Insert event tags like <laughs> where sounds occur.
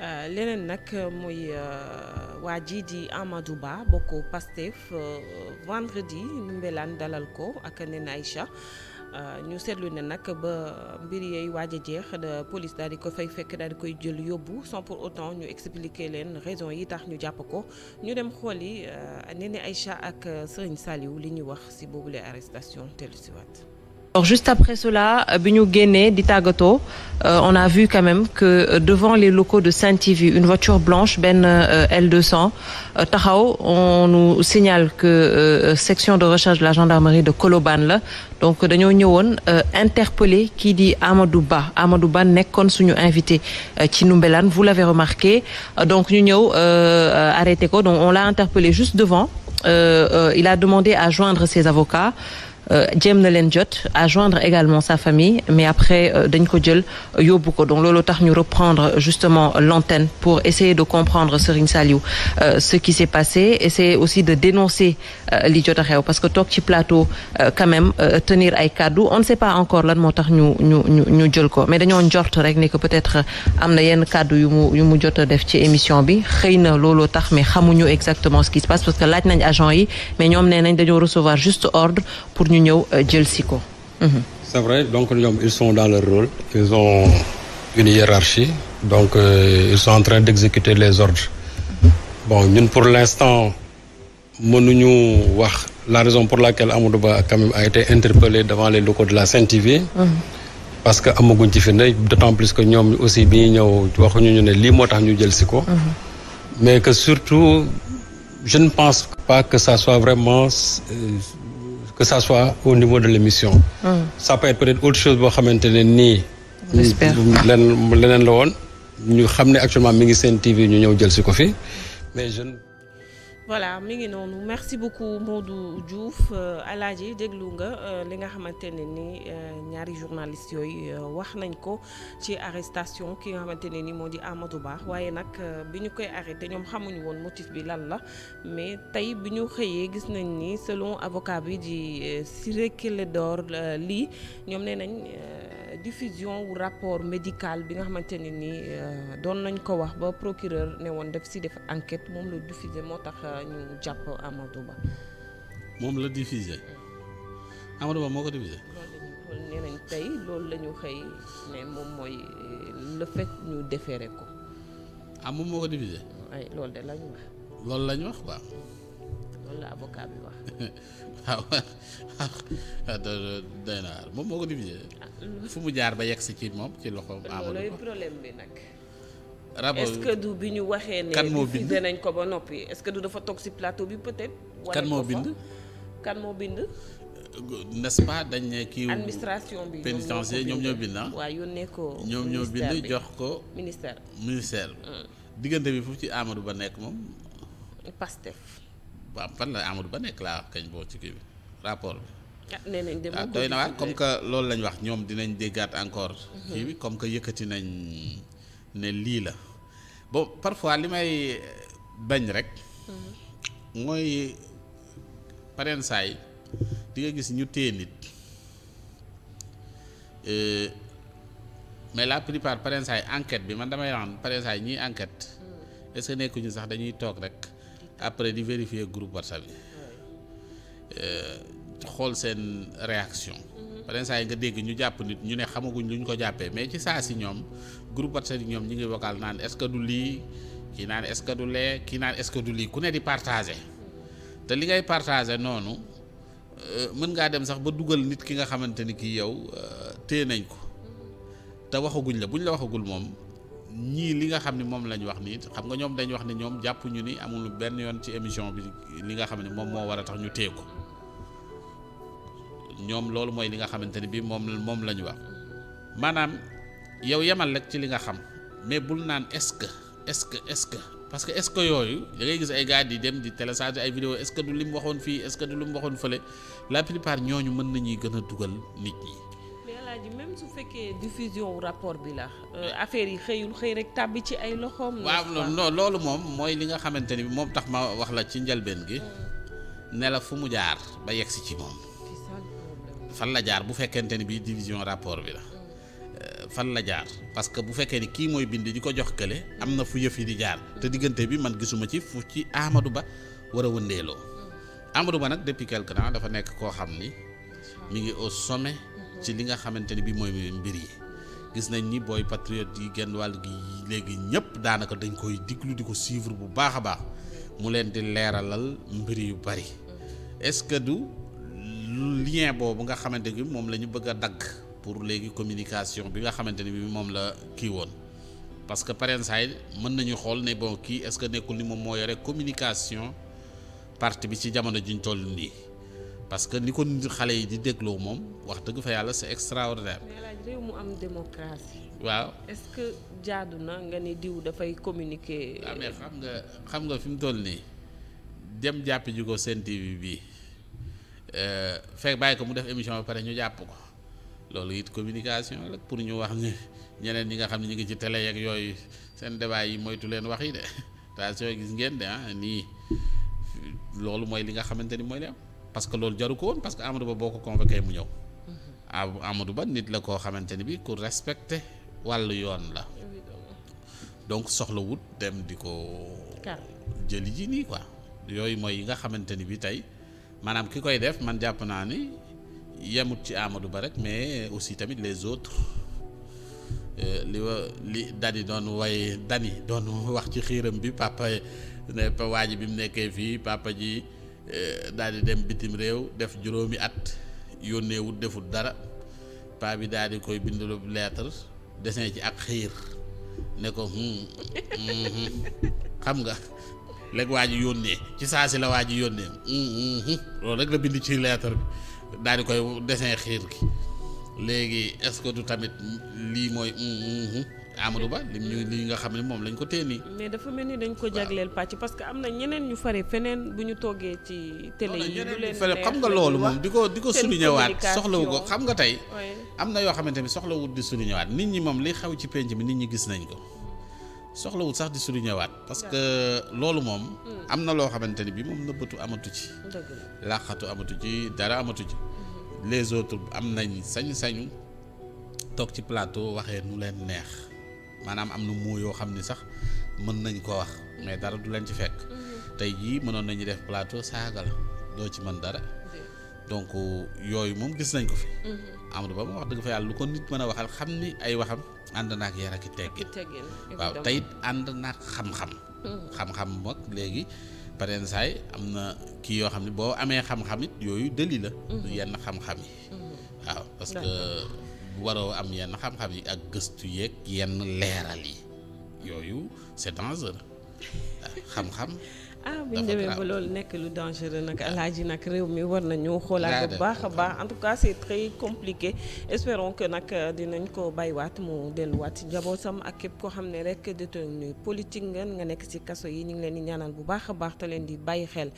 Euh, leneen nag euh, muy euh, waa ji di Amadou Ba bokk Pastef vendredi Ndoumbelane dalal ko ak Nene Aïcha ñu seetlu ne nag ba mbir yeey waaj jeex de police daal di ko fay fekk daal di koy jël yóbbu sans pour autant ñu expliquer leen raison yi tax ñu jàpp ko ñu dem xool yi Nene Aïcha ak Serigne Saliou li ñuy wax ci boobule arrestation tellu si waat Alors juste après cela bi ñu génnee di tàggatoo euh, on a vu quand même que euh, devant les locaux de Sen TV une voiture blanche benn euh, L200 taxaw on nous signale que section de recherche de la gendarmerie de Colobane la donc dañoo ñëwoon interpeller kii di Amadou Ba Amadou Ba nekkoon suñu invité ci Noumbelane vous l'avez remarqué donc ñu ñëw arrêté ko donc on l'a interpellé juste devant il a demandé à joindre ses avocats jéem na leen jot à joindre également sa famille mais après euh, dañ ko jël euh, yóbbu ko donc loolu tax ñu reprendre euh, justement l'antenne pour essayer de comprendre Serigne Saliou ce qui s'est passé essayer aussi de dénoncer li jot a xew parce que toog ci plateau quand même tenir ay kàddu on ne sait pas encore lan moo tax ñu ñu ñu ñu jël ko mais dañoo njort rek ne que peut-être am na yenn kàddu yu mu yu mu jot a def ci émission bi xëy na looloo tax mais xamuñu exactement ce qui se que laaj nañ agent yi mais ñoom nee nañ dañoo recevoir juste ñu ñëw euh, jël si ko. Mhm. c'est vrai donc ñoom ils sont dans leur rôle. ils ont une hiérarchie. donc euh, ils sont en train d'exécuter les ordres. ñun pour l'instant mënuñu wax la raison pour laquelle Amadou Ba quand même a été interpellé devant les locaux de la CNTV. Mhm. parce que amaguñ ci fi ne d'autant plus que ñoom aussi bi ñu ñëw waxuñu ñu ne lii moo tax ñu jël ko. Mhm. mais que surtout je ne pense pas que ça soit vraiment euh, que ça soit au niveau de l'émission mm. ça peut être autre chose boo xamante ne nii len leneen la woon ñu xam ne actuellement mi ngi seen TV ñu ñëw jël si ko fi mais voilà mi ngi noonu merci beaucoup Modou Diouf euh, Alaaji déglu nga euh, li nga xamante ne ni euh, ñaari journaliste yooyu wax nañ ko ci arrestation ki nga xamante ne ni moo di Amadou baax waaye nag bi ñu koy arrêté ñoom xamuñu woon motif bi lan la mais tey bi ñu xëyee gis nañ ni selon avocat bi di Ciré Clédor lii ñoom nee nañ. diffusion wu rapport médical bi nga xamante ne nii euh, doon nañ ko wax ba procureur ne woon daf si def enquête moom la diffuser moo tax euh, ñu jàpp amatu Ba. moom la diffuser Amadou Ba moo ko diffuser. loolu nee nañ la xëy ne mooy euh, le ñu déféré ko. Ah, ko diffuser. ay loolu de wax. loolu loolu la avocat bi wax. Ah, waaw ah, na moom moo ko divisé. Ah, fu mu jaar ba yegg si ci moom ci loxo. Amadou loolooy bi ñu waxee ne. kan moo ko ba noppi est-ce que du dafa toog si plateau bi peut bind kan moo bind. n'est-ce dañ ne bi pénitentiaire ñoo bind ah. waaw yónnee ko ñoom ñoo bind jox ko. ministère ministère. diggante Ba nekk moom. Pastef. waaw fan la Amadou Ba nekk laa kañ boo ci kii bi rapport bi. ah, ah na waar comme que loolu lañ wax ñoom dinañ déggaat encore. Mhm. kii bi comme que yëkkati nañ ne lii la bon parfois li may euh, bañ rek. Mhm. mooy pareen saay di nga gis ñu téye nit euh, mais la plupart pareen saay bi man damay wax pareen saay ñiy enquête mhm. est sax dañuy toog rek. après di vérifier groupe WhatsApp yi euh, xool seen réaction. beneen mhm. saa yi nga dégg ñu jàpp nit ñu ne xamaguñ lu ñu ko jàppee mais ci saa si ñoom groupe WhatsApp yi ñoom ñu ngi vocal naan est-ce que du lii kii naan est-ce que du lee kii naan est du lii ku ne di partagé te li ngay partagé noonu euh, mën ngaa dem sax ba dugal nit ki nga xamante ni kii yow euh, téye nañ ko te waxaguñ la buñ la waxagul moom. ñii li nga xam ne moom lañ wax nii xam nga ñoom dañ wax ne ñoom jàpp ñu ni amul benn yoon ci émission bi li nga xam ne moom moo war a tax ñu téye ko ñoom loolu mooy li nga xamante ne bii moom moom la ñu wax maanaam yow yemal rek ci li nga xam mais bul naan est-ce que est-ce que est-ce que parce que est-ce que yooyu da ngay gis ay gars di dem di télécharger ay vidéo est du li mu waxoon fii est-ce que du li mu waxoon fële la plupart ñooñu mën nañuy gën a dugal nit yi alaaji même su fekkee diffusion wu rapport bi la euh, affaire yi xëyul xëy rek tàbbi ci ay loxoom. waaw loolu moom mooy li nga xamante ni moom tax ma wax la ci njalbeen gi hmm. ne la fu mu jaar ba yegg si ci moom. fan la jaar bu fekkente ni bii division rapport bi la hmm. euh, fan la jaar parce que bu fekkee ni kii mooy bind di ko jox kële am na fu yëf yi di jaar te diggante bi man gisuma ci fu ci Amadou Ba war a wëndeeloo hmm. Amadou Ba nag depuis quelque temps dafa nekk koo xam ni mi ngi au sommet. ci li nga xamante ni bi mooy mbir yi gis nañ ni booy patriote yi genn wàll gi léegi ñëpp daanaka dañ koy diglu di ko suivre bu baax a baax mu leen di leeralal mbir yu bari est-ce que du lien boobu nga xamante ni moom la ñu bëgg a dagg pour léegi communication bi nga xamante ni bi moom la kii woon parce que parensaay mën nañu xool ne bon kii est-ce que nekkul ni moom moo yore communication part bi ci jamono juñ toll nii parce que ni ko xale yi di dégloo moom wax dëgg fa yàlla c'est extraordinaire. réew mu waaw est-ce que jaadu na nga ni diw dafay communiquer. waaw ah, mais xam nga xam nga fi mu toll nii dem jàpp ji ko seen TV bii euh, fekk bàyyi ko mu def émission ba pare ñu jàpp ko loolu it communication la pour ñu wax ni ñeneen ñi nga xam ne ñu ngi ci télé yeeg yooyu seen débat yi moytu leen wax yi de <laughs> attention gis ngeen de ah nii loolu mooy li nga xamante ni mooy li parce que loolu jaru ko woon parce que Amadou Ba boo ko convoqué mu ñëw. amadu Ba nit la koo xamante ni bi ku respecte wàllu yoon la. donc soxla wut dem di ko. jëli ji nii quoi. yooyu mooy yi nga xamante ni bi tey maanaam ki koy def man jàpp naa ni yemut ci amadu Ba rek mais aussi tamit les autres. Euh, li wa li dani doon way dani doon wax ci xiiram bi papa ne waa bi mu nekkee fii papa ji. Eh, daal di dem bitim réew def juróomi at yónneewut deful dara paa bi daal di koy bindalu lettre dessin ci ak xiir ne ko hmm, hmm, hmm, xam nga léegi waa ji yónnee ci saa si la waa ji yónnee loolu rek la bind ci lettre bi daal di koy dessin xiir gi léegi est du tamit lii mooy Amadou Ba lim ñu li nga xam ne moom lañ ko téye nii. mais dafa mel ni dañ ko jagleel pàcc parce que am na ñeneen ñu fare feneen bu ñu toogee ci. télé yi du fare xam nga loolu moom di ko di ko souligner waat soxlawu ko xam nga tey. am na yoo xamante ni soxlawut di souligner nit ñi moom li xew ci penc mi nit ñi gis nañ ko soxlawut sax di souligner parce que loolu moom. Hmm. am na loo xamante ni bi moom nëbbatu amatu ci. làqatu amatu ci dara amatu ci. Hmm. les autres am nañ sañ-sañu toog ci plateau waxee nu leen neex. maanaam am na moo yoo xam ni sax mën nañ koo wax mais dara du leen ci fekk mm-hmm. tey jii mënoon nañu def plateau saaga la doo ci mën dara donc yooyu moom gis nañ ko fi mm-hmm. Amadou Ba wax dëgg fa yàlla lu ko nit mën a waxal xam ni ay waxam ànd naak yar ak i teggin waaw tey ànd naak xam-xam mm-hmm. xam-xam mag léegi pareen saay am na kii yoo xam ne boo amee xam-xam yooyu dëli la yenn xam-xam yi waaw parce waroo am yenn xam-xam yi ak gëstu yeeg yenn leeral yi yooyu c'est dangereux xam-xam. <laughs> ah bu ñu demee ba loolu nekk lu dangereux nag ah. alaaji nag réew mi war na nañu xoolaat bu baax a baax en tout cas c'est très compliqué espérons que nag euh, dinañ ko bàyyiwaat mu delluwaat njabootam ak képp koo xam ne rek détenu politique nga nga nekk ci kaso yi ñu ngi leen di ñaanal bu baax a baax te leen di bàyyi xel.